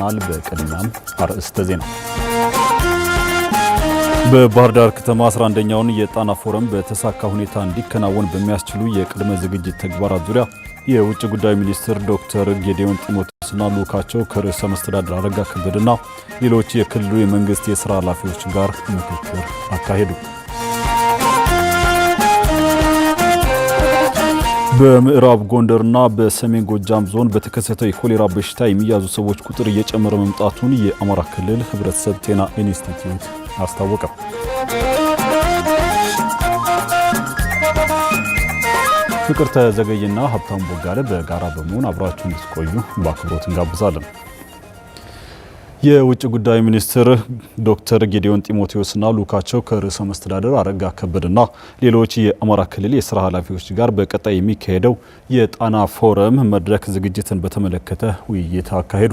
ናል በቅድሚያም አርዕስተ ዜና በባህር ዳር ከተማ 11ኛውን የጣና ፎረም በተሳካ ሁኔታ እንዲከናወን በሚያስችሉ የቅድመ ዝግጅት ተግባራት ዙሪያ የውጭ ጉዳይ ሚኒስትር ዶክተር ጌዲዮን ጢሞቴዎስና ልዑካቸው ከርዕሰ መስተዳድር አረጋ ከበደና ሌሎች የክልሉ የመንግስት የሥራ ኃላፊዎች ጋር ምክክር አካሄዱ። በምዕራብ ጎንደርና በሰሜን ጎጃም ዞን በተከሰተው የኮሌራ በሽታ የሚያዙ ሰዎች ቁጥር እየጨመረ መምጣቱን የአማራ ክልል ሕብረተሰብ ጤና ኢንስቲትዩት አስታወቀ። ፍቅር ተዘገይና ሀብታም ቦጋለ በጋራ በመሆን አብራችሁ እንድትቆዩ በአክብሮት እንጋብዛለን። የውጭ ጉዳይ ሚኒስትር ዶክተር ጌዲዮን ጢሞቴዎስና ልኡካቸው ከርዕሰ መስተዳደር አረጋ ከበደና ሌሎች የአማራ ክልል የስራ ኃላፊዎች ጋር በቀጣይ የሚካሄደው የጣና ፎረም መድረክ ዝግጅትን በተመለከተ ውይይት አካሄዱ።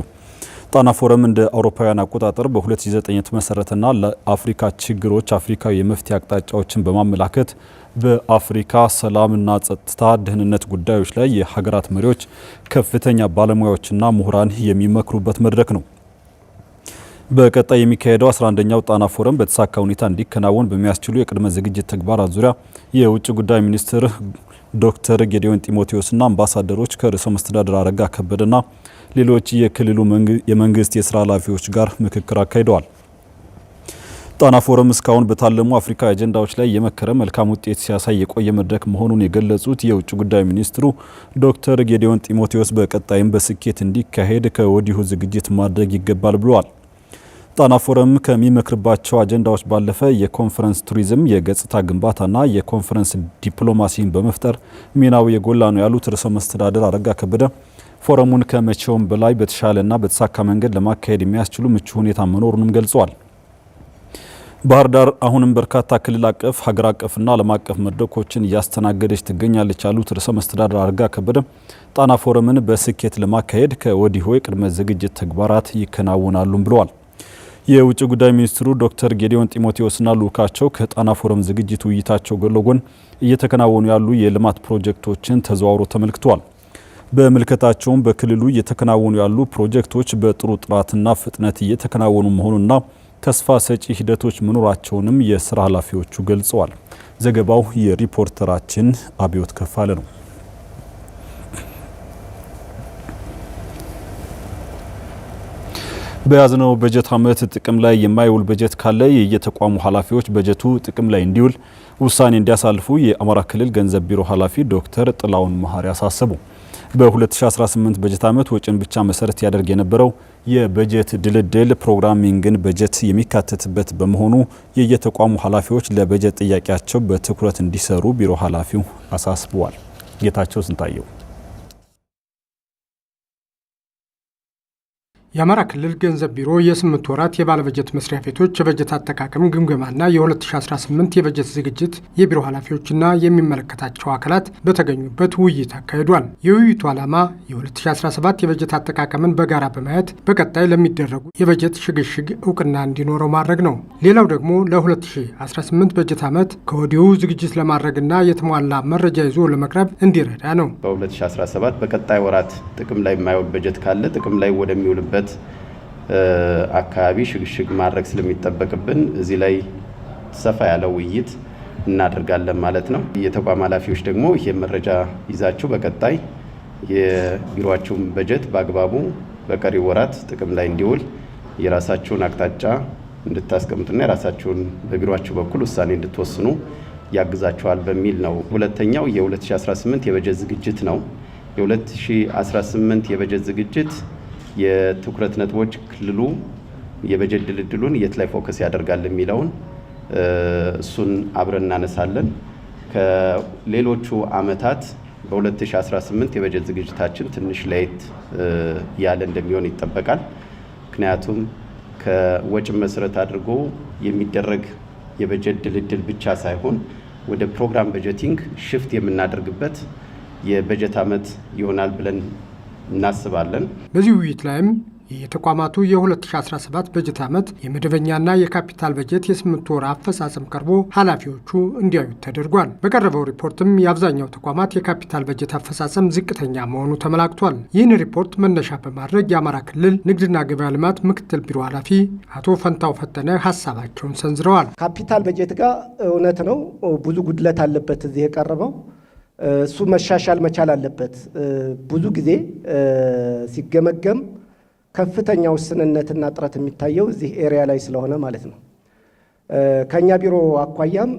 ጣና ፎረም እንደ አውሮፓውያን አቆጣጠር በ2009 የተመሰረተና ለአፍሪካ ችግሮች አፍሪካዊ የመፍትሄ አቅጣጫዎችን በማመላከት በአፍሪካ ሰላምና ጸጥታ፣ ደህንነት ጉዳዮች ላይ የሀገራት መሪዎች ከፍተኛ ባለሙያዎችና ምሁራን የሚመክሩበት መድረክ ነው። በቀጣይ የሚካሄደው 11ኛው ጣና ፎረም በተሳካ ሁኔታ እንዲከናወን በሚያስችሉ የቅድመ ዝግጅት ተግባራት ዙሪያ የውጭ ጉዳይ ሚኒስትር ዶክተር ጌዲዮን ጢሞቴዎስና አምባሳደሮች ከርዕሰ መስተዳድር አረጋ ከበደና ሌሎች የክልሉ የመንግስት የስራ ኃላፊዎች ጋር ምክክር አካሂደዋል። ጣና ፎረም እስካሁን በታለሙ አፍሪካ አጀንዳዎች ላይ የመከረ መልካም ውጤት ሲያሳይ የቆየ መድረክ መሆኑን የገለጹት የውጭ ጉዳይ ሚኒስትሩ ዶክተር ጌዲዮን ጢሞቴዎስ በቀጣይም በስኬት እንዲካሄድ ከወዲሁ ዝግጅት ማድረግ ይገባል ብለዋል። ጣና ፎረም ከሚመክርባቸው አጀንዳዎች ባለፈ የኮንፈረንስ ቱሪዝም፣ የገጽታ ግንባታና የኮንፈረንስ ዲፕሎማሲን በመፍጠር ሚናው የጎላ ነው ያሉት ርዕሰ መስተዳደር አረጋ ከበደ ፎረሙን ከመቼውም በላይ በተሻለና በተሳካ መንገድ ለማካሄድ የሚያስችሉ ምቹ ሁኔታ መኖሩንም ገልጸዋል። ባህር ዳር አሁንም በርካታ ክልል አቀፍ፣ ሀገር አቀፍና ዓለም አቀፍ መድረኮችን እያስተናገደች ትገኛለች ያሉት ርዕሰ መስተዳደር አረጋ ከበደ ጣና ፎረምን በስኬት ለማካሄድ ከወዲሁ የቅድመ ዝግጅት ተግባራት ይከናወናሉም ብለዋል። የውጭ ጉዳይ ሚኒስትሩ ዶክተር ጌዲዮን ጢሞቴዎስና ልኡካቸው ከጣና ፎረም ዝግጅት ውይይታቸው ጎን ለጎን እየተከናወኑ ያሉ የልማት ፕሮጀክቶችን ተዘዋውሮ ተመልክተዋል። በምልከታቸውም በክልሉ እየተከናወኑ ያሉ ፕሮጀክቶች በጥሩ ጥራትና ፍጥነት እየተከናወኑ መሆኑና ተስፋ ሰጪ ሂደቶች መኖራቸውንም የስራ ኃላፊዎቹ ገልጸዋል። ዘገባው የሪፖርተራችን አብዮት ከፋለ ነው። በያዝነው በጀት ዓመት ጥቅም ላይ የማይውል በጀት ካለ የየተቋሙ ኃላፊዎች በጀቱ ጥቅም ላይ እንዲውል ውሳኔ እንዲያሳልፉ የአማራ ክልል ገንዘብ ቢሮ ኃላፊ ዶክተር ጥላውን መሀሪ አሳሰቡ። በ2018 በጀት ዓመት ወጪን ብቻ መሰረት ያደርግ የነበረው የበጀት ድልድል ፕሮግራሚንግን በጀት የሚካተትበት በመሆኑ የየተቋሙ ኃላፊዎች ለበጀት ጥያቄያቸው በትኩረት እንዲሰሩ ቢሮ ኃላፊው አሳስበዋል። ጌታቸው ስንታየው የአማራ ክልል ገንዘብ ቢሮ የስምንት ወራት የባለበጀት መስሪያ ቤቶች የበጀት አጠቃቀም ግምገማና የ2018 የበጀት ዝግጅት የቢሮ ኃላፊዎችና የሚመለከታቸው አካላት በተገኙበት ውይይት አካሂዷል። የውይይቱ ዓላማ የ2017 የበጀት አጠቃቀምን በጋራ በማየት በቀጣይ ለሚደረጉ የበጀት ሽግሽግ እውቅና እንዲኖረው ማድረግ ነው። ሌላው ደግሞ ለ2018 በጀት ዓመት ከወዲሁ ዝግጅት ለማድረግና የተሟላ መረጃ ይዞ ለመቅረብ እንዲረዳ ነው። በ2017 በቀጣይ ወራት ጥቅም ላይ የማይውል በጀት ካለ ጥቅም ላይ ወደሚውልበት ባለንበት አካባቢ ሽግሽግ ማድረግ ስለሚጠበቅብን እዚህ ላይ ሰፋ ያለ ውይይት እናደርጋለን ማለት ነው። የተቋም ኃላፊዎች ደግሞ ይህ መረጃ ይዛችሁ በቀጣይ የቢሮቸውን በጀት በአግባቡ በቀሪ ወራት ጥቅም ላይ እንዲውል የራሳችሁን አቅጣጫ እንድታስቀምጡና የራሳችሁን በቢሮቸው በኩል ውሳኔ እንድትወስኑ ያግዛችኋል በሚል ነው። ሁለተኛው የ2018 የበጀት ዝግጅት ነው። የ2018 የበጀት ዝግጅት የትኩረት ነጥቦች ክልሉ የበጀት ድልድሉን የት ላይ ፎከስ ያደርጋል የሚለውን እሱን አብረን እናነሳለን። ከሌሎቹ አመታት በ2018 የበጀት ዝግጅታችን ትንሽ ለየት ያለ እንደሚሆን ይጠበቃል። ምክንያቱም ከወጭ መሰረት አድርጎ የሚደረግ የበጀት ድልድል ብቻ ሳይሆን ወደ ፕሮግራም በጀቲንግ ሽፍት የምናደርግበት የበጀት አመት ይሆናል ብለን እናስባለን። በዚህ ውይይት ላይም የተቋማቱ የ2017 በጀት ዓመት የመደበኛና የካፒታል በጀት የስምንት ወር አፈጻጸም ቀርቦ ኃላፊዎቹ እንዲያዩት ተደርጓል። በቀረበው ሪፖርትም የአብዛኛው ተቋማት የካፒታል በጀት አፈጻጸም ዝቅተኛ መሆኑ ተመላክቷል። ይህን ሪፖርት መነሻ በማድረግ የአማራ ክልል ንግድና ገበያ ልማት ምክትል ቢሮ ኃላፊ አቶ ፈንታው ፈጠነ ሀሳባቸውን ሰንዝረዋል። ካፒታል በጀት ጋር እውነት ነው ብዙ ጉድለት አለበት እዚህ የቀረበው እሱ መሻሻል መቻል አለበት። ብዙ ጊዜ ሲገመገም ከፍተኛ ውስንነትና ጥረት የሚታየው እዚህ ኤሪያ ላይ ስለሆነ ማለት ነው። ከእኛ ቢሮ አኳያም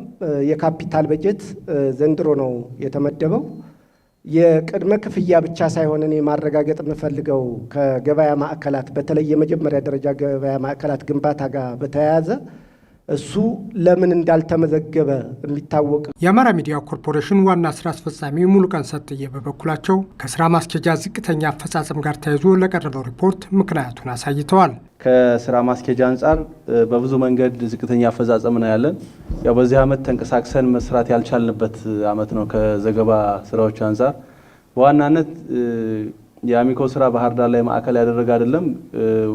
የካፒታል በጀት ዘንድሮ ነው የተመደበው። የቅድመ ክፍያ ብቻ ሳይሆን እኔ ማረጋገጥ የምፈልገው ከገበያ ማዕከላት በተለይ የመጀመሪያ ደረጃ ገበያ ማዕከላት ግንባታ ጋር በተያያዘ እሱ ለምን እንዳልተመዘገበ የሚታወቅ የአማራ ሚዲያ ኮርፖሬሽን ዋና ስራ አስፈጻሚ ሙሉቀን ሰጥዬ በበኩላቸው ከስራ ማስኬጃ ዝቅተኛ አፈጻጸም ጋር ተያይዞ ለቀረበው ሪፖርት ምክንያቱን አሳይተዋል። ከስራ ማስኬጃ አንጻር በብዙ መንገድ ዝቅተኛ አፈጻጸም ነው ያለን። ያው በዚህ አመት ተንቀሳቅሰን መስራት ያልቻልንበት አመት ነው። ከዘገባ ስራዎች አንጻር በዋናነት የአሚኮ ስራ ባህር ዳር ላይ ማዕከል ያደረገ አይደለም።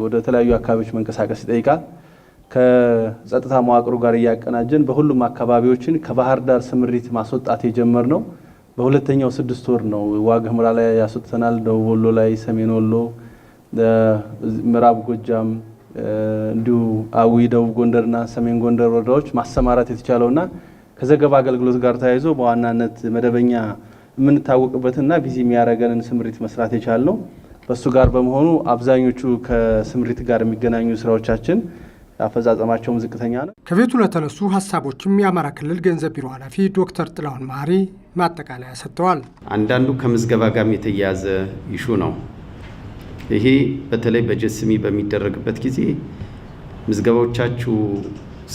ወደ ተለያዩ አካባቢዎች መንቀሳቀስ ይጠይቃል። ከጸጥታ መዋቅሩ ጋር እያቀናጀን በሁሉም አካባቢዎችን ከባህር ዳር ስምሪት ማስወጣት ነው። በሁለተኛው ስድስት ወር ነው። ዋግ ኽምራ ላይ ያስወጥተናል። ደቡብ ወሎ ላይ፣ ሰሜን ወሎ፣ ምዕራብ ጎጃም እንዲሁ አዊ፣ ደቡብ ጎንደርና ሰሜን ጎንደር ወረዳዎች ማሰማራት የተቻለውና ከዘገባ አገልግሎት ጋር ተያይዞ በዋናነት መደበኛ የምንታወቅበትና ቢዚ የሚያደርገንን ስምሪት መስራት ነው በእሱ ጋር በመሆኑ አብዛኞቹ ከስምሪት ጋር የሚገናኙ ስራዎቻችን አፈጻጸማቸውም ዝቅተኛ ነው። ከቤቱ ለተነሱ ሀሳቦችም የአማራ ክልል ገንዘብ ቢሮ ኃላፊ ዶክተር ጥላሁን መሀሪ ማጠቃለያ ሰጥተዋል። አንዳንዱ ከምዝገባ ጋርም የተያያዘ ይሹ ነው። ይሄ በተለይ በጀት ስሚ በሚደረግበት ጊዜ ምዝገባዎቻችሁ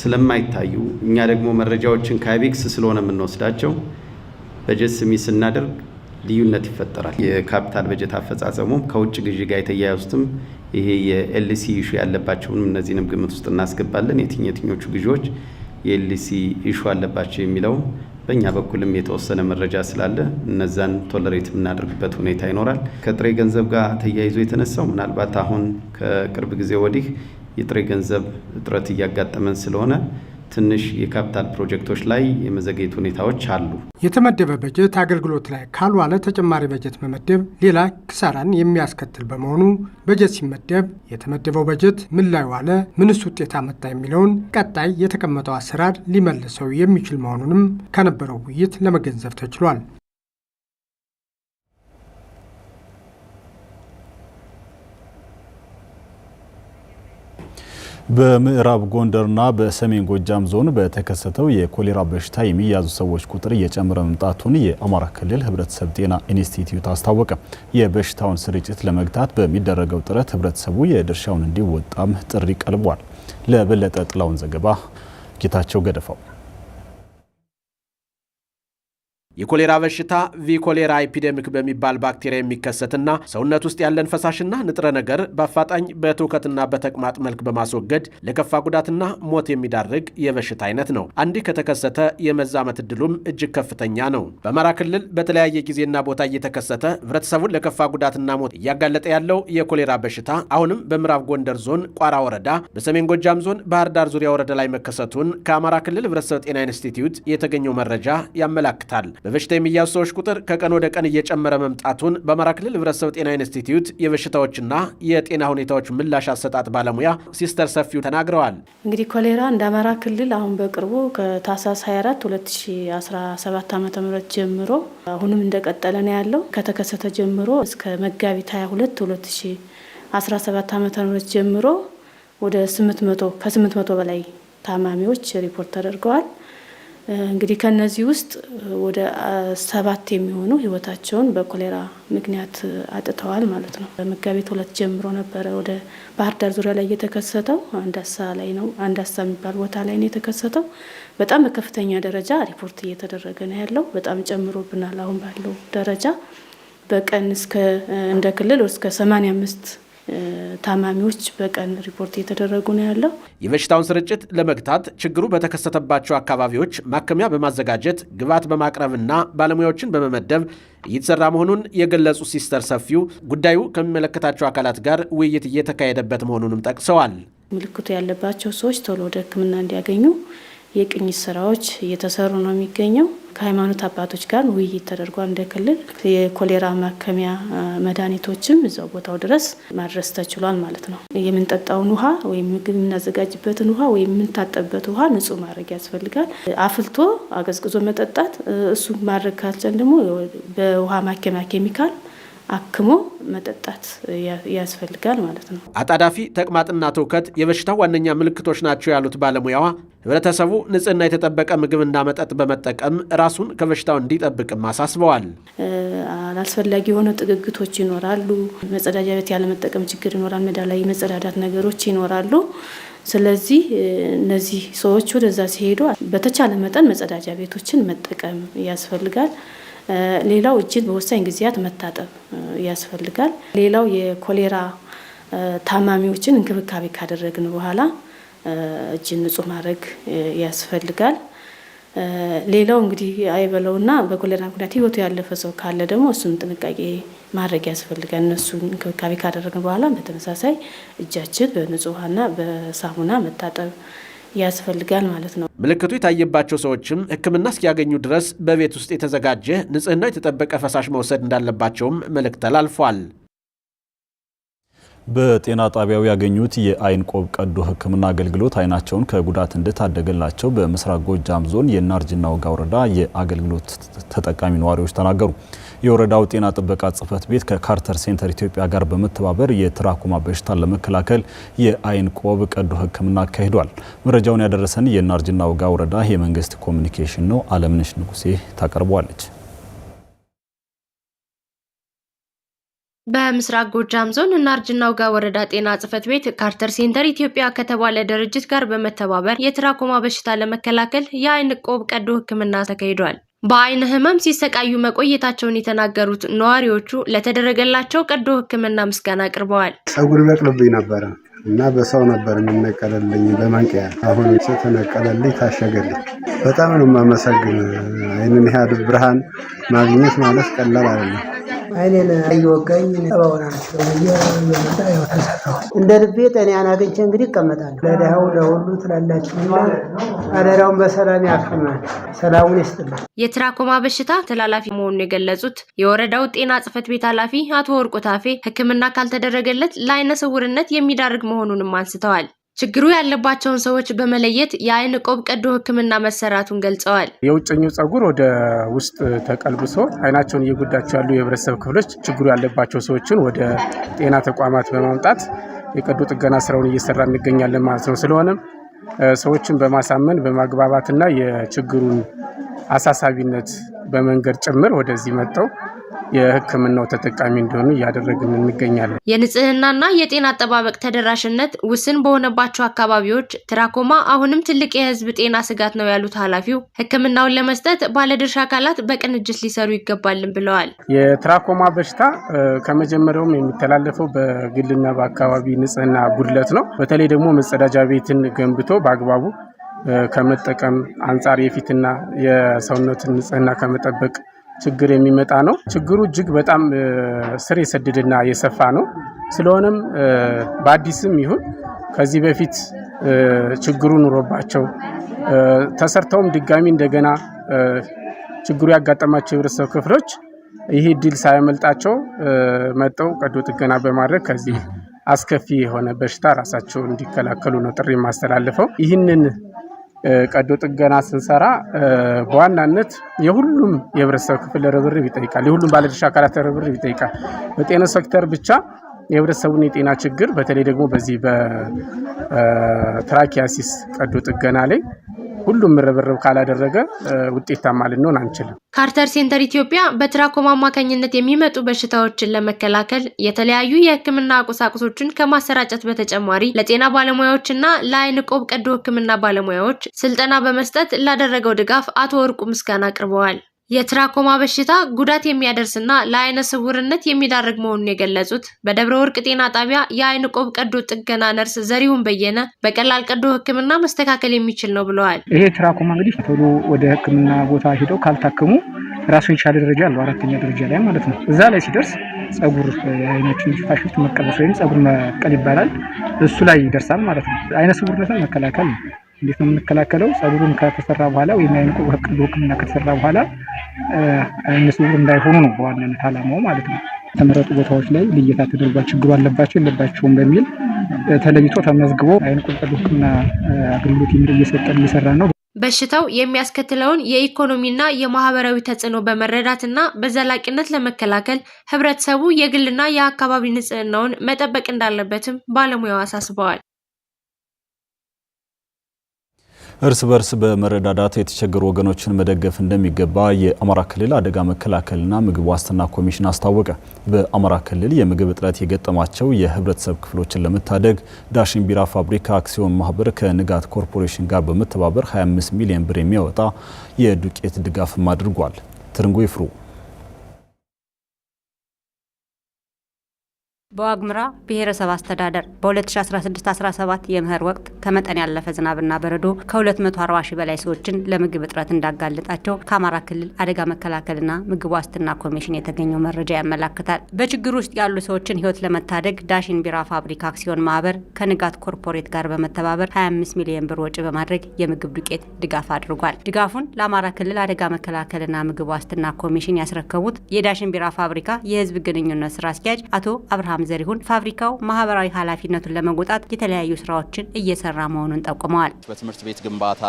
ስለማይታዩ እኛ ደግሞ መረጃዎችን ከአይቤክስ ስለሆነ የምንወስዳቸው በጀት ስሚ ስናደርግ ልዩነት ይፈጠራል። የካፒታል በጀት አፈጻጸሙም ከውጭ ግዢ ጋር የተያያዙትም ይሄ የኤልሲ ኢሹ ያለባቸውንም እነዚህንም ግምት ውስጥ እናስገባለን። የትኝ የትኞቹ ግዢዎች የኤልሲ ኢሹ አለባቸው የሚለው በእኛ በኩልም የተወሰነ መረጃ ስላለ እነዛን ቶለሬት የምናደርግበት ሁኔታ ይኖራል። ከጥሬ ገንዘብ ጋር ተያይዞ የተነሳው ምናልባት አሁን ከቅርብ ጊዜ ወዲህ የጥሬ ገንዘብ እጥረት እያጋጠመን ስለሆነ ትንሽ የካፒታል ፕሮጀክቶች ላይ የመዘግየት ሁኔታዎች አሉ። የተመደበ በጀት አገልግሎት ላይ ካልዋለ ተጨማሪ በጀት መመደብ ሌላ ክሳራን የሚያስከትል በመሆኑ በጀት ሲመደብ የተመደበው በጀት ምን ላይ ዋለ፣ ምንስ ውጤት አመጣ የሚለውን ቀጣይ የተቀመጠው አሰራር ሊመልሰው የሚችል መሆኑንም ከነበረው ውይይት ለመገንዘብ ተችሏል። በምዕራብ ጎንደርና በሰሜን ጎጃም ዞን በተከሰተው የኮሌራ በሽታ የሚያዙ ሰዎች ቁጥር እየጨመረ መምጣቱን የአማራ ክልል ህብረተሰብ ጤና ኢንስቲትዩት አስታወቀ። የበሽታውን ስርጭት ለመግታት በሚደረገው ጥረት ህብረተሰቡ የድርሻውን እንዲወጣም ጥሪ ቀርቧል። ለበለጠ ጥላውን ዘገባ ጌታቸው ገደፋው የኮሌራ በሽታ ቪኮሌራ ኤፒደሚክ በሚባል ባክቴሪያ የሚከሰትና ሰውነት ውስጥ ያለን ፈሳሽና ንጥረ ነገር በአፋጣኝ በትውከትና በተቅማጥ መልክ በማስወገድ ለከፋ ጉዳትና ሞት የሚዳርግ የበሽታ አይነት ነው። አንዲህ ከተከሰተ የመዛመት እድሉም እጅግ ከፍተኛ ነው። በአማራ ክልል በተለያየ ጊዜና ቦታ እየተከሰተ ህብረተሰቡን ለከፋ ጉዳትና ሞት እያጋለጠ ያለው የኮሌራ በሽታ አሁንም በምዕራብ ጎንደር ዞን ቋራ ወረዳ፣ በሰሜን ጎጃም ዞን ባህር ዳር ዙሪያ ወረዳ ላይ መከሰቱን ከአማራ ክልል ህብረተሰብ ጤና ኢንስቲትዩት የተገኘው መረጃ ያመላክታል። በበሽታ የሚያዙ ሰዎች ቁጥር ከቀን ወደ ቀን እየጨመረ መምጣቱን በአማራ ክልል ህብረተሰብ ጤና ኢንስቲትዩት የበሽታዎችና የጤና ሁኔታዎች ምላሽ አሰጣጥ ባለሙያ ሲስተር ሰፊው ተናግረዋል። እንግዲህ ኮሌራ እንደ አማራ ክልል አሁን በቅርቡ ከታህሳስ 24 2017 ዓ ም ጀምሮ አሁንም እንደቀጠለ ነው ያለው። ከተከሰተ ጀምሮ እስከ መጋቢት 22 2017 ዓ ም ጀምሮ ወደ 800 ከ800 በላይ ታማሚዎች ሪፖርት ተደርገዋል። እንግዲህ ከነዚህ ውስጥ ወደ ሰባት የሚሆኑ ህይወታቸውን በኮሌራ ምክንያት አጥተዋል ማለት ነው። መጋቢት ሁለት ጀምሮ ነበረ ወደ ባህር ዳር ዙሪያ ላይ የተከሰተው አንዳሳ ላይ ነው። አንዳሳ የሚባል ቦታ ላይ ነው የተከሰተው። በጣም በከፍተኛ ደረጃ ሪፖርት እየተደረገ ነው ያለው። በጣም ጨምሮብናል አሁን ባለው ደረጃ በቀን እስከ እንደ ክልል እስከ አምስት ታማሚዎች በቀን ሪፖርት እየተደረጉ ነው ያለው። የበሽታውን ስርጭት ለመግታት ችግሩ በተከሰተባቸው አካባቢዎች ማከሚያ በማዘጋጀት ግብዓት በማቅረብና ባለሙያዎችን በመመደብ እየተሰራ መሆኑን የገለጹ ሲስተር ሰፊው ጉዳዩ ከሚመለከታቸው አካላት ጋር ውይይት እየተካሄደበት መሆኑንም ጠቅሰዋል። ምልክቱ ያለባቸው ሰዎች ቶሎ ወደ ሕክምና እንዲያገኙ የቅኝት ስራዎች እየተሰሩ ነው የሚገኘው። ከሃይማኖት አባቶች ጋር ውይይት ተደርጓል። እንደ ክልል የኮሌራ ማከሚያ መድኃኒቶችም እዛው ቦታው ድረስ ማድረስ ተችሏል ማለት ነው። የምንጠጣውን ውሃ ወይም ምግብ የምናዘጋጅበትን ውሃ ወይም የምንታጠበት ውሃ ንጹህ ማድረግ ያስፈልጋል። አፍልቶ አቀዝቅዞ መጠጣት እሱ ማድረግ ካልቻል ደግሞ በውሃ ማከሚያ ኬሚካል አክሞ መጠጣት ያስፈልጋል ማለት ነው። አጣዳፊ ተቅማጥና ትውከት የበሽታው ዋነኛ ምልክቶች ናቸው ያሉት ባለሙያዋ ህብረተሰቡ ንጽህና የተጠበቀ ምግብና መጠጥ በመጠቀም ራሱን ከበሽታው እንዲጠብቅም አሳስበዋል። አላስፈላጊ የሆነ ጥግግቶች ይኖራሉ። መጸዳጃ ቤት ያለመጠቀም ችግር ይኖራል። ሜዳ ላይ መጸዳዳት ነገሮች ይኖራሉ። ስለዚህ እነዚህ ሰዎች ወደዛ ሲሄዱ በተቻለ መጠን መጸዳጃ ቤቶችን መጠቀም ያስፈልጋል። ሌላው እጅን በወሳኝ ጊዜያት መታጠብ ያስፈልጋል። ሌላው የኮሌራ ታማሚዎችን እንክብካቤ ካደረግን በኋላ እጅን ንጹህ ማድረግ ያስፈልጋል። ሌላው እንግዲህ አይበለውና በኮሌራ ምክንያት ህይወቱ ያለፈ ሰው ካለ ደግሞ እሱን ጥንቃቄ ማድረግ ያስፈልጋል። እነሱ እንክብካቤ ካደረግን በኋላ በተመሳሳይ እጃችን በንጹህ ውሃና በሳሙና መታጠብ ያስፈልጋል ማለት ነው። ምልክቱ የታየባቸው ሰዎችም ሕክምና እስኪያገኙ ድረስ በቤት ውስጥ የተዘጋጀ ንጽህናው የተጠበቀ ፈሳሽ መውሰድ እንዳለባቸውም መልእክት ተላልፏል። በጤና ጣቢያው ያገኙት የአይን ቆብ ቀዶ ሕክምና አገልግሎት አይናቸውን ከጉዳት እንደታደገላቸው በምስራቅ ጎጃም ዞን የእናርጅና ወጋ ወረዳ የአገልግሎት ተጠቃሚ ነዋሪዎች ተናገሩ። የወረዳው ጤና ጥበቃ ጽህፈት ቤት ከካርተር ሴንተር ኢትዮጵያ ጋር በመተባበር የትራኩማ በሽታን ለመከላከል የአይን ቆብ ቀዶ ህክምና አካሂዷል። መረጃውን ያደረሰን የናርጅና ውጋ ወረዳ የመንግስት ኮሚኒኬሽን ነው። አለምነሽ ንጉሴ ታቀርበዋለች። በምስራቅ ጎጃም ዞን እናርጅና ውጋ ወረዳ ጤና ጽፈት ቤት ካርተር ሴንተር ኢትዮጵያ ከተባለ ድርጅት ጋር በመተባበር የትራኮማ በሽታ ለመከላከል የአይን ቆብ ቀዶ ህክምና ተካሂዷል። በአይን ህመም ሲሰቃዩ መቆየታቸውን የተናገሩት ነዋሪዎቹ ለተደረገላቸው ቀዶ ህክምና ምስጋና አቅርበዋል። ጸጉር ይበቅልብኝ ነበረ እና በሰው ነበር የሚነቀለልኝ በመንቅያ። አሁን ተነቀለልኝ፣ ታሸገልኝ። በጣም ነው የማመሰግን። አይንን ያህል ብርሃን ማግኘት ማለት ቀላል አይደለም። አይኔን እየወጋኝ ጠባውን እንደ ልቤ ጤናዬን አግኝቼ እንግዲህ ይቀመጣል። ለድሃው ለሁሉ ትላላችሁና አደራውን በሰላም ያክማል። ሰላሙን ይስጥልን። የትራኮማ በሽታ ተላላፊ መሆኑን የገለጹት የወረዳው ጤና ጽሕፈት ቤት ኃላፊ አቶ ወርቁ ታፌ ሕክምና ካልተደረገለት ለአይነ ስውርነት የሚዳርግ መሆኑንም አንስተዋል። ችግሩ ያለባቸውን ሰዎች በመለየት የአይን ቆብ ቀዶ ህክምና መሰራቱን ገልጸዋል። የውጭኛው ጸጉር ወደ ውስጥ ተቀልብሶ አይናቸውን እየጎዳቸው ያሉ የህብረተሰብ ክፍሎች ችግሩ ያለባቸው ሰዎችን ወደ ጤና ተቋማት በማምጣት የቀዶ ጥገና ስራውን እየሰራ እንገኛለን ማለት ነው። ስለሆነም ሰዎችን በማሳመን በማግባባትና የችግሩን አሳሳቢነት በመንገድ ጭምር ወደዚህ መጠው የህክምናው ተጠቃሚ እንዲሆኑ እያደረግን እንገኛለን። የንጽህናና የጤና አጠባበቅ ተደራሽነት ውስን በሆነባቸው አካባቢዎች ትራኮማ አሁንም ትልቅ የህዝብ ጤና ስጋት ነው ያሉት ኃላፊው ህክምናውን ለመስጠት ባለድርሻ አካላት በቅንጅት ሊሰሩ ይገባልን ብለዋል። የትራኮማ በሽታ ከመጀመሪያውም የሚተላለፈው በግልና በአካባቢ ንጽህና ጉድለት ነው። በተለይ ደግሞ መጸዳጃ ቤትን ገንብቶ በአግባቡ ከመጠቀም አንጻር የፊትና የሰውነትን ንጽህና ከመጠበቅ ችግር የሚመጣ ነው። ችግሩ እጅግ በጣም ስር የሰደደና የሰፋ ነው። ስለሆነም በአዲስም ይሁን ከዚህ በፊት ችግሩ ኑሮባቸው ተሰርተውም ድጋሚ እንደገና ችግሩ ያጋጠማቸው የህብረተሰብ ክፍሎች ይህ እድል ሳያመልጣቸው መጠው ቀዶ ጥገና በማድረግ ከዚህ አስከፊ የሆነ በሽታ ራሳቸው እንዲከላከሉ ነው ጥሪ የማስተላልፈው። ይህንን ቀዶ ጥገና ስንሰራ በዋናነት የሁሉም የህብረተሰብ ክፍል ርብርብ ይጠይቃል። የሁሉም ባለድርሻ አካላት ርብርብ ይጠይቃል። በጤና ሴክተር ብቻ የህብረተሰቡን የጤና ችግር በተለይ ደግሞ በዚህ በትራኪያሲስ ቀዶ ጥገና ላይ ሁሉም ርብርብ ካላደረገ ውጤታማ ልንሆን አንችልም። ካርተር ሴንተር ኢትዮጵያ በትራኮማ አማካኝነት የሚመጡ በሽታዎችን ለመከላከል የተለያዩ የህክምና ቁሳቁሶችን ከማሰራጨት በተጨማሪ ለጤና ባለሙያዎችና ለአይን ቆብ ቀዶ ህክምና ባለሙያዎች ስልጠና በመስጠት ላደረገው ድጋፍ አቶ ወርቁ ምስጋና አቅርበዋል። የትራኮማ በሽታ ጉዳት የሚያደርስና ለአይነ ስውርነት የሚዳርግ መሆኑን የገለጹት በደብረ ወርቅ ጤና ጣቢያ የአይን ቆብ ቀዶ ጥገና ነርስ ዘሪሁን በየነ በቀላል ቀዶ ሕክምና መስተካከል የሚችል ነው ብለዋል። ይሄ ትራኮማ እንግዲህ ቶሎ ወደ ሕክምና ቦታ ሄደው ካልታከሙ ራሱን የቻለ ደረጃ አለው፣ አራተኛ ደረጃ ላይ ማለት ነው። እዛ ላይ ሲደርስ ጸጉር የአይናችን ፋሽፍት መቀበስ ወይም ጸጉር መቀል ይባላል። እሱ ላይ ይደርሳል ማለት ነው። አይነ ስውርነትን መከላከል ነው። እንዴት ነው የምንከላከለው? ጸጉሩን ከተሰራ በኋላ ወይም የአይን ቀዶ ሕክምና ከተሰራ በኋላ አይነ ስውር እንዳይሆኑ ነው በዋናነት አላማው ማለት ነው። ተመረጡ ቦታዎች ላይ ልየታ ተደርጓ ችግሩ አለባቸው የለባቸውም በሚል ተለይቶ ተመዝግቦ አይን ቀዶ ሕክምና አገልግሎት የሚ እየሰጠ እየሰራ ነው። በሽታው የሚያስከትለውን የኢኮኖሚና የማህበራዊ ተጽዕኖ በመረዳትና በዘላቂነት ለመከላከል ህብረተሰቡ የግልና የአካባቢ ንጽህናውን መጠበቅ እንዳለበትም ባለሙያው አሳስበዋል። እርስ በርስ በመረዳዳት የተቸገሩ ወገኖችን መደገፍ እንደሚገባ የአማራ ክልል አደጋ መከላከልና ምግብ ዋስትና ኮሚሽን አስታወቀ። በአማራ ክልል የምግብ እጥረት የገጠማቸው የህብረተሰብ ክፍሎችን ለመታደግ ዳሽን ቢራ ፋብሪካ አክሲዮን ማህበር ከንጋት ኮርፖሬሽን ጋር በመተባበር 25 ሚሊዮን ብር የሚያወጣ የዱቄት ድጋፍም አድርጓል። ትርንጎ ይፍሩ በዋግምራ ብሔረሰብ አስተዳደር በ2016-17 የምህር ወቅት ከመጠን ያለፈ ዝናብና በረዶ ከ240 ሺ በላይ ሰዎችን ለምግብ እጥረት እንዳጋለጣቸው ከአማራ ክልል አደጋ መከላከልና ምግብ ዋስትና ኮሚሽን የተገኘው መረጃ ያመላክታል። በችግር ውስጥ ያሉ ሰዎችን ህይወት ለመታደግ ዳሽን ቢራ ፋብሪካ አክሲዮን ማህበር ከንጋት ኮርፖሬት ጋር በመተባበር 25 ሚሊዮን ብር ወጪ በማድረግ የምግብ ዱቄት ድጋፍ አድርጓል። ድጋፉን ለአማራ ክልል አደጋ መከላከልና ምግብ ዋስትና ኮሚሽን ያስረከቡት የዳሽን ቢራ ፋብሪካ የህዝብ ግንኙነት ስራ አስኪያጅ አቶ አብርሃም ዘሪሁን ፋብሪካው ማህበራዊ ኃላፊነቱን ለመወጣት የተለያዩ ስራዎችን እየሰራ መሆኑን ጠቁመዋል። በትምህርት ቤት ግንባታ፣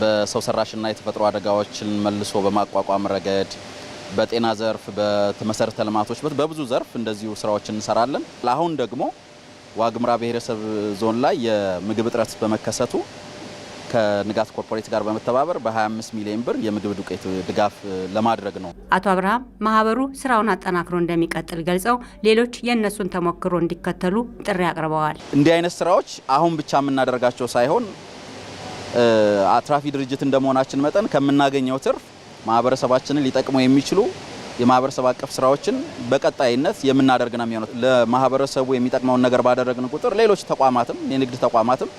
በሰው ሰራሽና የተፈጥሮ አደጋዎችን መልሶ በማቋቋም ረገድ፣ በጤና ዘርፍ፣ በመሰረተ ልማቶች፣ በብዙ ዘርፍ እንደዚሁ ስራዎችን እንሰራለን። አሁን ደግሞ ዋግምራ ብሔረሰብ ዞን ላይ የምግብ እጥረት በመከሰቱ ከንጋት ኮርፖሬት ጋር በመተባበር በ25 ሚሊዮን ብር የምግብ ዱቄት ድጋፍ ለማድረግ ነው። አቶ አብርሃም ማህበሩ ስራውን አጠናክሮ እንደሚቀጥል ገልጸው ሌሎች የእነሱን ተሞክሮ እንዲከተሉ ጥሪ አቅርበዋል። እንዲህ አይነት ስራዎች አሁን ብቻ የምናደርጋቸው ሳይሆን አትራፊ ድርጅት እንደመሆናችን መጠን ከምናገኘው ትርፍ ማህበረሰባችንን ሊጠቅሙ የሚችሉ የማህበረሰብ አቀፍ ስራዎችን በቀጣይነት የምናደርግ ነው የሚሆነው። ለማህበረሰቡ የሚጠቅመውን ነገር ባደረግን ቁጥር ሌሎች ተቋማትም የንግድ ተቋማትም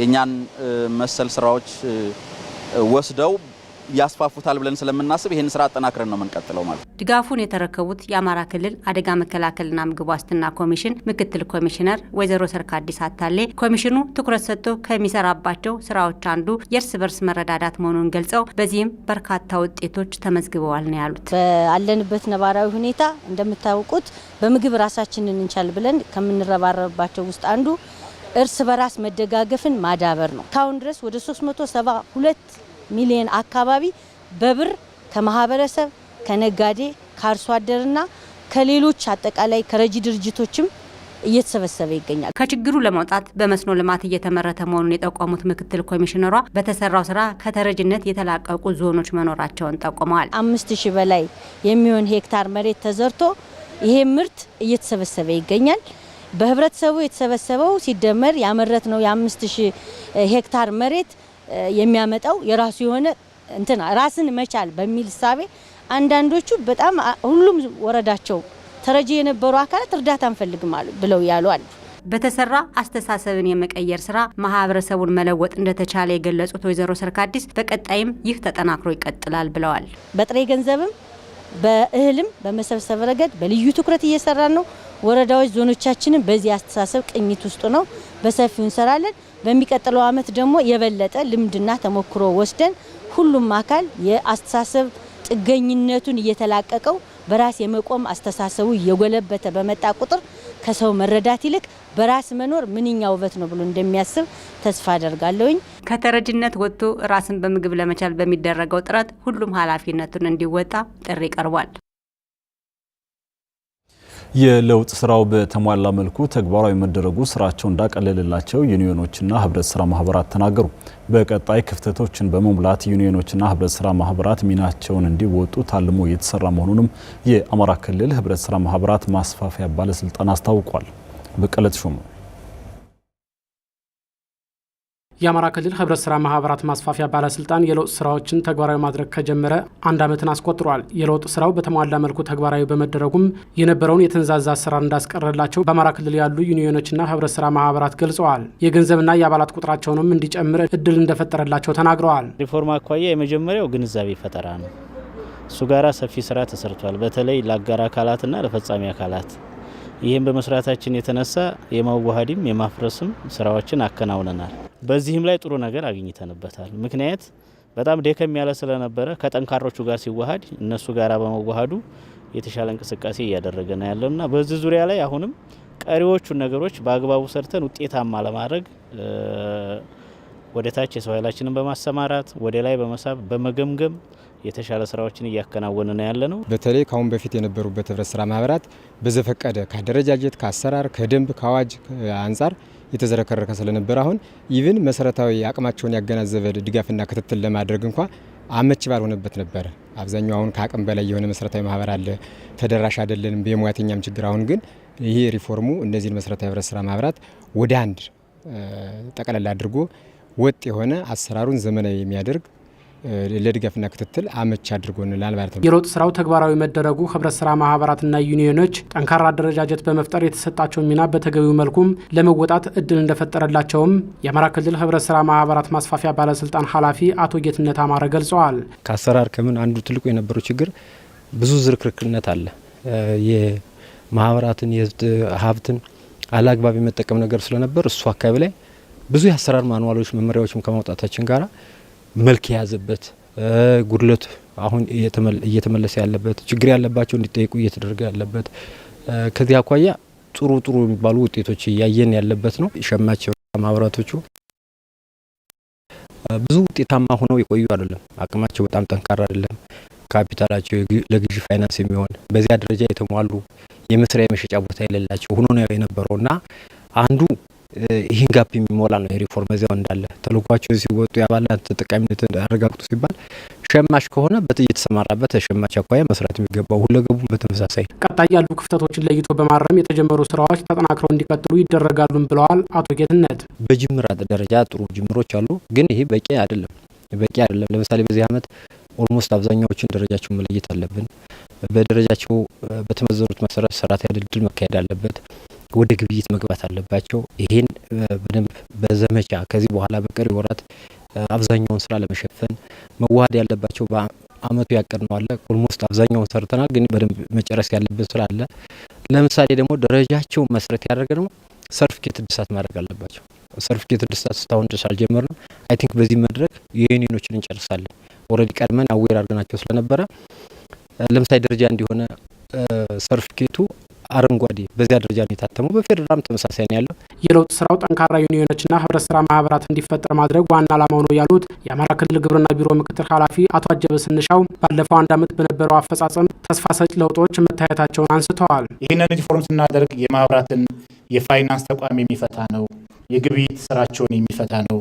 የእኛን መሰል ስራዎች ወስደው ያስፋፉታል ብለን ስለምናስብ ይህን ስራ አጠናክረን ነው የምንቀጥለው። ማለት ድጋፉን የተረከቡት የአማራ ክልል አደጋ መከላከልና ምግብ ዋስትና ኮሚሽን ምክትል ኮሚሽነር ወይዘሮ አዲስ አታሌ ኮሚሽኑ ትኩረት ሰጥቶ ከሚሰራባቸው ስራዎች አንዱ የእርስ በርስ መረዳዳት መሆኑን ገልጸው በዚህም በርካታ ውጤቶች ተመዝግበዋል ነው ያሉት። በአለንበት ነባራዊ ሁኔታ እንደምታውቁት በምግብ ራሳችንን እንቻል ብለን ከምንረባረብባቸው ውስጥ አንዱ እርስ በራስ መደጋገፍን ማዳበር ነው። እስካሁን ድረስ ወደ 372 ሚሊዮን አካባቢ በብር ከማህበረሰብ ከነጋዴ ከአርሶ አደርና ከሌሎች አጠቃላይ ከረጂ ድርጅቶችም እየተሰበሰበ ይገኛል። ከችግሩ ለመውጣት በመስኖ ልማት እየተመረተ መሆኑን የጠቆሙት ምክትል ኮሚሽነሯ በተሰራው ስራ ከተረጅነት የተላቀቁ ዞኖች መኖራቸውን ጠቁመዋል። አምስት ሺህ በላይ የሚሆን ሄክታር መሬት ተዘርቶ ይሄ ምርት እየተሰበሰበ ይገኛል። በህብረተሰቡ የተሰበሰበው ሲደመር ያመረት ነው የአምስት ሺህ ሄክታር መሬት የሚያመጣው የራሱ የሆነ እንትና ራስን መቻል በሚል እሳቤ አንዳንዶቹ በጣም ሁሉም ወረዳቸው ተረጂ የነበሩ አካላት እርዳታ አንፈልግም አሉ ብለው ያሉ አሉ። በተሰራ አስተሳሰብን የመቀየር ስራ ማህበረሰቡን መለወጥ እንደተቻለ የገለጹት ወይዘሮ ሰርካዲስ በቀጣይም ይህ ተጠናክሮ ይቀጥላል ብለዋል። በጥሬ ገንዘብም በእህልም በመሰብሰብ ረገድ በልዩ ትኩረት እየሰራን ነው። ወረዳዎች፣ ዞኖቻችንን በዚህ አስተሳሰብ ቅኝት ውስጥ ነው በሰፊው እንሰራለን። በሚቀጥለው አመት ደግሞ የበለጠ ልምድና ተሞክሮ ወስደን ሁሉም አካል የአስተሳሰብ ጥገኝነቱን እየተላቀቀው በራስ የመቆም አስተሳሰቡ እየጎለበተ በመጣ ቁጥር ከሰው መረዳት ይልቅ በራስ መኖር ምንኛ ውበት ነው ብሎ እንደሚያስብ ተስፋ አደርጋለሁኝ። ከተረጅነት ወጥቶ ራስን በምግብ ለመቻል በሚደረገው ጥረት ሁሉም ኃላፊነቱን እንዲወጣ ጥሪ ቀርቧል። የለውጥ ስራው በተሟላ መልኩ ተግባራዊ መደረጉ ስራቸው እንዳቀለለላቸው ዩኒዮኖችና ህብረት ስራ ማህበራት ተናገሩ። በቀጣይ ክፍተቶችን በመሙላት ዩኒዮኖችና ህብረት ስራ ማህበራት ሚናቸውን እንዲወጡ ታልሞ የተሰራ መሆኑንም የአማራ ክልል ህብረት ስራ ማህበራት ማስፋፊያ ባለስልጣን አስታውቋል። በቀለት ተሾመ የአማራ ክልል ህብረት ስራ ማህበራት ማስፋፊያ ባለስልጣን የለውጥ ስራዎችን ተግባራዊ ማድረግ ከጀመረ አንድ ዓመትን አስቆጥሯል። የለውጥ ስራው በተሟላ መልኩ ተግባራዊ በመደረጉም የነበረውን የተንዛዛ አሰራር እንዳስቀረላቸው በአማራ ክልል ያሉ ዩኒዮኖችና ህብረት ስራ ማህበራት ገልጸዋል። የገንዘብና የአባላት ቁጥራቸውንም እንዲጨምር እድል እንደፈጠረላቸው ተናግረዋል። ሪፎርም አኳያ የመጀመሪያው ግንዛቤ ፈጠራ ነው። እሱ ጋራ ሰፊ ስራ ተሰርቷል። በተለይ ለአጋር አካላትና ለፈጻሚ አካላት ይህም በመስራታችን የተነሳ የማዋሃድም የማፍረስም ስራዎችን አከናውነናል። በዚህም ላይ ጥሩ ነገር አግኝተንበታል። ምክንያት በጣም ደከም ያለ ስለነበረ ከጠንካሮቹ ጋር ሲዋሃድ እነሱ ጋር በመዋሃዱ የተሻለ እንቅስቃሴ እያደረገ ነው ያለው እና በዚህ ዙሪያ ላይ አሁንም ቀሪዎቹን ነገሮች በአግባቡ ሰርተን ውጤታማ ለማድረግ ወደ ታች የሰው ኃይላችንን በማሰማራት ወደ ላይ በመሳብ በመገምገም የተሻለ ስራዎችን እያከናወነ ነው ያለ ነው። በተለይ ከአሁን በፊት የነበሩበት ህብረት ስራ ማህበራት በዘፈቀደ ከአደረጃጀት፣ ከአሰራር፣ ከደንብ፣ ከአዋጅ አንጻር የተዘረከረከ ስለነበር አሁን ኢቭን መሰረታዊ አቅማቸውን ያገናዘበ ድጋፍና ክትትል ለማድረግ እንኳ አመች ባልሆነበት ነበረ። አብዛኛው አሁን ከአቅም በላይ የሆነ መሰረታዊ ማህበር አለ፣ ተደራሽ አይደለንም፣ የሙያተኛም ችግር። አሁን ግን ይሄ ሪፎርሙ እነዚህን መሰረታዊ ህብረት ስራ ማህበራት ወደ አንድ ጠቅላላ አድርጎ ወጥ የሆነ አሰራሩን ዘመናዊ የሚያደርግ ለድጋፍና ክትትል አመች አድርጎንላል ማለት ነው። የለውጥ ስራው ተግባራዊ መደረጉ ህብረት ስራ ማህበራትና ዩኒዮኖች ጠንካራ አደረጃጀት በመፍጠር የተሰጣቸውን ሚና በተገቢው መልኩም ለመወጣት እድል እንደፈጠረላቸውም የአማራ ክልል ህብረት ስራ ማህበራት ማስፋፊያ ባለስልጣን ኃላፊ አቶ ጌትነት አማረ ገልጸዋል። ከአሰራር ከምን አንዱ ትልቁ የነበረው ችግር ብዙ ዝርክርክነት አለ። የማህበራትን የህዝብ ሀብትን አላግባብ የመጠቀም ነገር ስለነበር እሱ አካባቢ ላይ ብዙ የአሰራር ማንዋሎች መመሪያዎችም ከማውጣታችን ጋራ መልክ የያዘበት ጉድለቱ አሁን እየተመለሰ ያለበት ችግር ያለባቸው እንዲጠይቁ እየተደረገ ያለበት ከዚህ አኳያ ጥሩ ጥሩ የሚባሉ ውጤቶች እያየን ያለበት ነው። ሸማቸው ማህበራቶቹ ብዙ ውጤታማ ሆነው የቆዩ አይደለም። አቅማቸው በጣም ጠንካራ አይደለም። ካፒታላቸው ለግዢ ፋይናንስ የሚሆን በዚያ ደረጃ የተሟሉ የመስሪያ የመሸጫ ቦታ የሌላቸው ሆኖ ነው የነበረው እና አንዱ ይህን ጋፕ የሚሞላ ነው የሪፎርም እዚያው እንዳለ ተልኳቸው ሲወጡ የአባላት ተጠቃሚነት አረጋግጡ ሲባል ሸማች ከሆነ እየተሰማራበት ተሸማች አኳያ መስራት የሚገባው ሁለገቡም በተመሳሳይ ቀጣይ ያሉ ክፍተቶችን ለይቶ በማረም የተጀመሩ ስራዎች ተጠናክረው እንዲቀጥሉ ይደረጋሉም ብለዋል አቶ ጌትነት። በጅምር ደረጃ ጥሩ ጅምሮች አሉ፣ ግን ይሄ በቂ አይደለም። በቂ አይደለም። ለምሳሌ በዚህ አመት ኦልሞስት አብዛኛዎችን ደረጃቸው መለየት አለብን። በደረጃቸው በተመዘኑት መሰረት ሰራተኛ ድልድል መካሄድ አለበት። ወደ ግብይት መግባት አለባቸው። ይሄን በደንብ በዘመቻ ከዚህ በኋላ በቀሪ ወራት አብዛኛውን ስራ ለመሸፈን መዋሃድ ያለባቸው በአመቱ ያቀድነው አለ። ኦልሞስት አብዛኛውን ሰርተናል፣ ግን በደንብ መጨረስ ያለብን ስራ አለ። ለምሳሌ ደግሞ ደረጃቸውን መሰረት ያደረገ ደግሞ ሰርቲፊኬት እድሳት ማድረግ አለባቸው። ሰርቲፊኬት እድሳት ስታሁን ድረስ አልጀመርንም። አይ ቲንክ በዚህ መድረክ የዩኒኖችን እንጨርሳለን። ኦልሬዲ ቀድመን አዌር አድርገናቸው ስለነበረ ለምሳሌ ደረጃ እንዲሆነ ሰርቲፊኬቱ አረንጓዴ በዚያ ደረጃ ነው የታተመው። በፌዴራልም ተመሳሳይ ነው ያለው። የለውጥ ስራው ጠንካራ ዩኒዮኖችና ህብረት ስራ ማህበራት እንዲፈጠር ማድረግ ዋና ዓላማው ነው ያሉት የአማራ ክልል ግብርና ቢሮ ምክትል ኃላፊ አቶ አጀበ ስንሻው ባለፈው አንድ ዓመት በነበረው አፈጻጸም ተስፋ ሰጭ ለውጦች መታየታቸውን አንስተዋል። ይህንን ሪፎርም ስናደርግ የማህበራትን የፋይናንስ ተቋም የሚፈታ ነው። የግብይት ስራቸውን የሚፈታ ነው።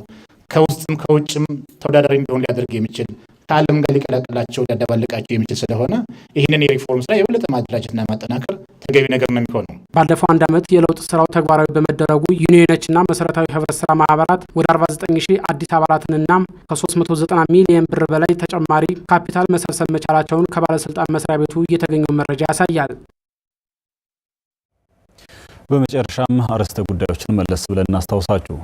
ከውስጥም ከውጭም ተወዳዳሪ እንዲሆን ሊያደርግ የሚችል ከዓለም ጋር ሊቀላቀላቸው ሊያደባልቃቸው የሚችል ስለሆነ ይህንን የሪፎርም ስራ የበለጠ ማደራጀትና ማጠናከር ተገቢ ነገር ነው የሚሆነው። ባለፈው አንድ ዓመት የለውጥ ስራው ተግባራዊ በመደረጉ ዩኒዮኖችና መሰረታዊ ህብረት ስራ ማህበራት ወደ 49 ሺህ አዲስ አባላትንና ከ390 ሚሊየን ብር በላይ ተጨማሪ ካፒታል መሰብሰብ መቻላቸውን ከባለስልጣን መስሪያ ቤቱ የተገኘው መረጃ ያሳያል። በመጨረሻም አርዕስተ ጉዳዮችን መለስ ብለን እናስታውሳችሁ።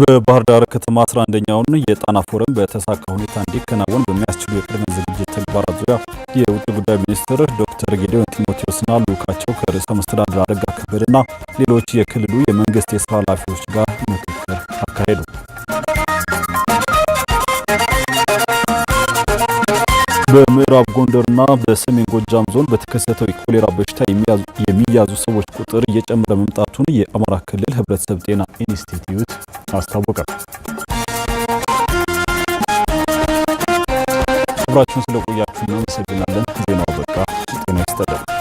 በባህር ዳር ከተማ 11ኛውን የጣና ፎረም በተሳካ ሁኔታ እንዲከናወን በሚያስችሉ የቅድመ ዝግጅት ተግባራት ዙሪያ የውጭ ጉዳይ ሚኒስትር ዶክተር ጌዲዮን ጢሞቴዎስና ልዑካቸው ከርዕሰ መስተዳድር አረጋ ከበደና ሌሎች የክልሉ የመንግስት የስራ ኃላፊዎች ጋር ምክክር አካሄዱ። በምዕራብ ጎንደርና በሰሜን ጎጃም ዞን በተከሰተው የኮሌራ በሽታ የሚያዙ ሰዎች ቁጥር እየጨመረ መምጣቱን የአማራ ክልል ሕብረተሰብ ጤና ኢንስቲትዩት አስታወቀ። አብራችሁን ስለቆያችሁ እናመሰግናለን። ዜናው በቃ። ጤና ይስጠለን።